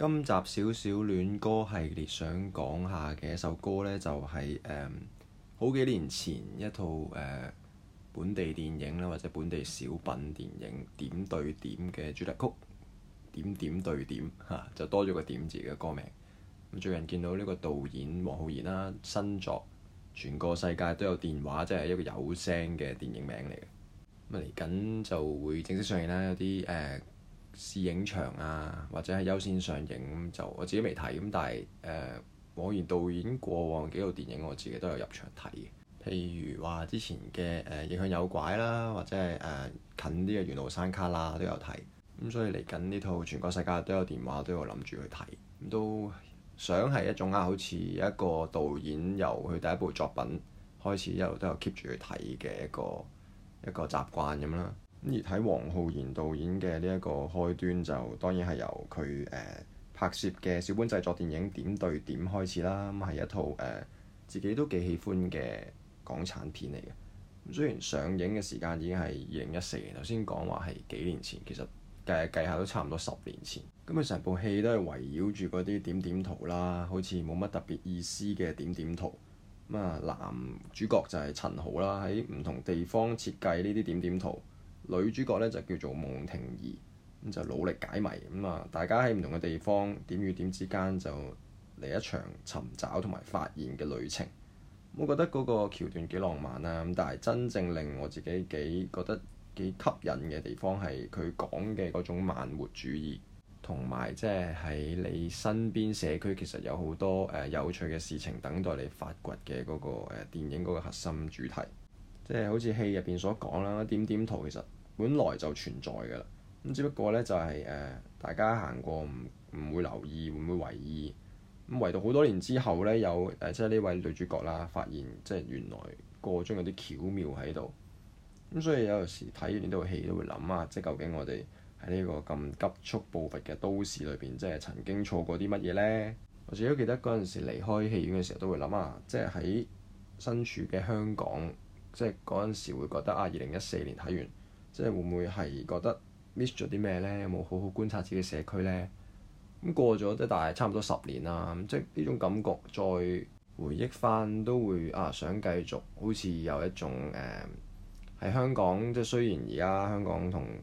今集小小戀歌系列想講下嘅一首歌呢，就係、是、誒、嗯、好幾年前一套誒、嗯、本地電影啦，或者本地小品電影《點對點》嘅主題曲《點點對點》嚇，就多咗個點字嘅歌名。咁最近見到呢個導演黃浩然啦，新作《全個世界都有電話》，即係一個有聲嘅電影名嚟嘅。咁嚟緊就會正式上映啦，有啲誒。呃試影場啊，或者係優先上映就我自己未睇咁，但係誒，我、呃、見導演過往幾套電影我自己都有入場睇，譬如話之前嘅誒、呃《逆向誘拐》啦，或者係誒、呃、近啲嘅《緣路山旮旯》都有睇，咁所以嚟緊呢套《全個世界都有電話》都有諗住去睇，都想係一種啊，好似一個導演由佢第一部作品開始一路都有 keep 住去睇嘅一個一個習慣咁啦。而睇黃浩然導演嘅呢一個開端，就當然係由佢誒、呃、拍攝嘅小本製作電影《點對點》開始啦。咁、嗯、係一套誒、呃、自己都幾喜歡嘅港產片嚟嘅。咁雖然上映嘅時間已經係二零一四年，頭先講話係幾年前，其實計計下都差唔多十年前。咁、嗯、啊，成部戲都係圍繞住嗰啲點點圖啦，好似冇乜特別意思嘅點點圖。咁、嗯、啊，男主角就係陳豪啦，喺唔同地方設計呢啲點點圖。女主角咧就叫做蒙亭宜，咁就努力解謎咁啊！大家喺唔同嘅地方點與點之間就嚟一場尋找同埋發現嘅旅程。我覺得嗰個橋段幾浪漫啊！咁但係真正令我自己幾覺得幾吸引嘅地方係佢講嘅嗰種慢活主義，同埋即係喺你身邊社區其實有好多誒有趣嘅事情等待你發掘嘅嗰個誒電影嗰個核心主題，即係好似戲入邊所講啦，點點圖其實本來就存在㗎啦，咁只不過呢，就係、是、誒、呃，大家行過唔唔會留意，會唔會遺意咁？唯獨好多年之後呢，有誒、呃，即係呢位女主角啦，發現即係原來個中有啲巧妙喺度。咁所以有時睇完呢套戲都會諗啊，即係究竟我哋喺呢個咁急速步伐嘅都市裏邊，即係曾經錯過啲乜嘢呢？我自己都記得嗰陣時離開戲院嘅時候都會諗啊，即係喺身處嘅香港，即係嗰陣時會覺得啊，二零一四年睇完。即係會唔會係覺得 miss 咗啲咩呢？有冇好好觀察自己社區呢？咁過咗即大約差唔多十年啦。即係呢種感覺再回憶翻，都會啊想繼續，好似有一種誒喺、嗯、香港。即係雖然而家香港同二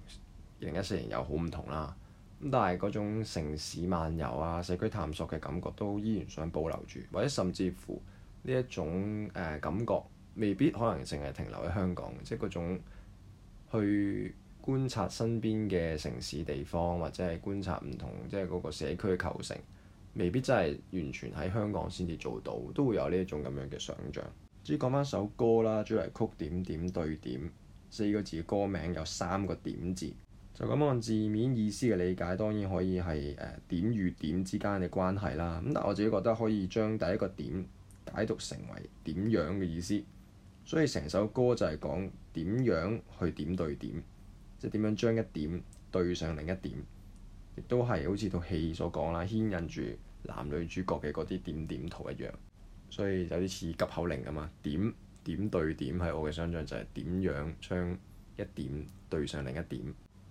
零一四年又好唔同啦，咁但係嗰種城市漫遊啊、社區探索嘅感覺都依然想保留住，或者甚至乎呢一種誒、呃、感覺，未必可能淨係停留喺香港，即係嗰種。去觀察身邊嘅城市地方，或者係觀察唔同即係嗰個社區嘅構成，未必真係完全喺香港先至做到，都會有呢一種咁樣嘅想像。至於講翻首歌啦，主題曲《點點對點》，四個字歌名有三個點字，就咁按字面意思嘅理解，當然可以係誒點與點之間嘅關係啦。咁但我自己覺得可以將第一個點解讀成為點樣嘅意思。所以成首歌就係講點樣去點對點，即係點樣將一點對上另一點，亦都係好似套戲所講啦，牽引住男女主角嘅嗰啲點點圖一樣。所以有啲似急口令咁嘛。點點對點係我嘅想像，就係點樣將一點對上另一點。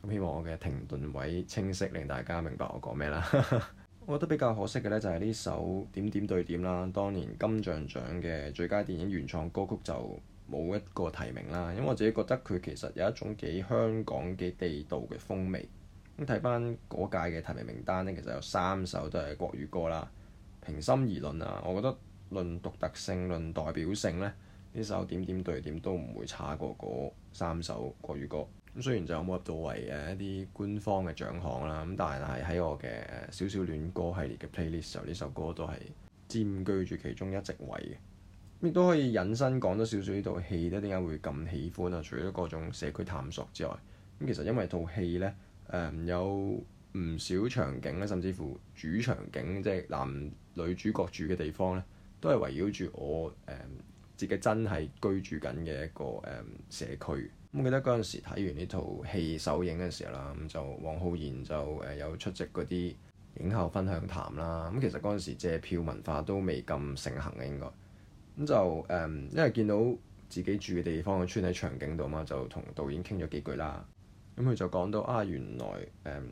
咁希望我嘅停頓位清晰，令大家明白我講咩啦。 我覺得比較可惜嘅咧，就係呢首《點點對點》啦，當年金像獎嘅最佳電影原創歌曲就冇一個提名啦。因為我自己覺得佢其實有一種幾香港幾地道嘅風味。咁睇返嗰屆嘅提名名單咧，其實有三首都係國語歌啦。平心而論啊，我覺得論獨特性、論代表性咧，呢首《點點對點》都唔會差過嗰三首國語歌。咁雖然就冇入到圍嘅一啲官方嘅獎項啦，咁但係喺我嘅小小戀歌系列嘅 playlist 度，呢首歌都係佔據住其中一席位嘅。亦都可以引申講多少少呢套戲咧，點解會咁喜歡啊？除咗各種社區探索之外，咁其實因為套戲咧，誒有唔少場景咧，甚至乎主場景即係、就是、男女主角住嘅地方咧，都係圍繞住我誒自己真係居住緊嘅一個誒社區。咁記得嗰陣時睇完呢套戲首映嘅時候啦，咁就黃浩然就誒有出席嗰啲映後分享談啦。咁其實嗰陣時借票文化都未咁盛行嘅應該。咁就誒、嗯，因為見到自己住嘅地方嘅村喺場景度嘛，就同導演傾咗幾句啦。咁、嗯、佢就講到啊，原來誒、嗯、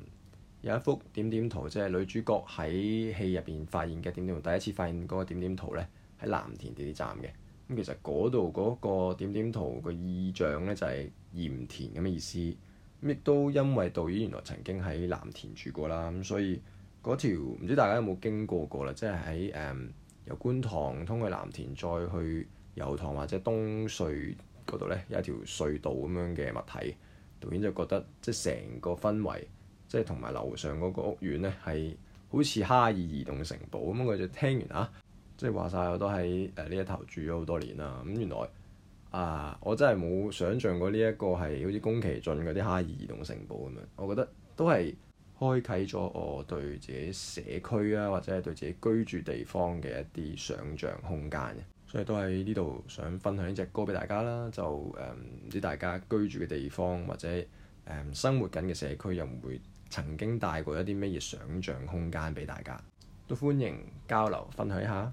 有一幅點點圖，即係女主角喺戲入邊發現嘅點點圖。第一次發現嗰個點點圖咧，喺藍田地鐵站嘅。咁其實嗰度嗰個點點圖個意象咧就係、是、鹽田咁嘅意思，亦都因為導演原來曾經喺藍田住過啦，咁所以嗰條唔知大家有冇經過過啦，即係喺誒由觀塘通去藍田再去油塘或者東隧嗰度咧，有一條隧道咁樣嘅物體，導演就覺得即係成個氛圍，即係同埋樓上嗰個屋苑咧係好似哈爾移動城堡咁，我就聽完啊！即係話晒，我都喺誒呢一頭住咗好多年啦。咁原來啊，我真係冇想象過呢一個係好似宮崎駿嗰啲《哈爾移動城堡》咁樣。我覺得都係開啟咗我對自己社區啊，或者係對自己居住地方嘅一啲想象空間嘅。所以都喺呢度想分享一隻歌俾大家啦。就誒唔、嗯、知大家居住嘅地方或者誒、嗯、生活緊嘅社區又唔會曾經帶過一啲咩嘢想象空間俾大家？都歡迎交流分享一下。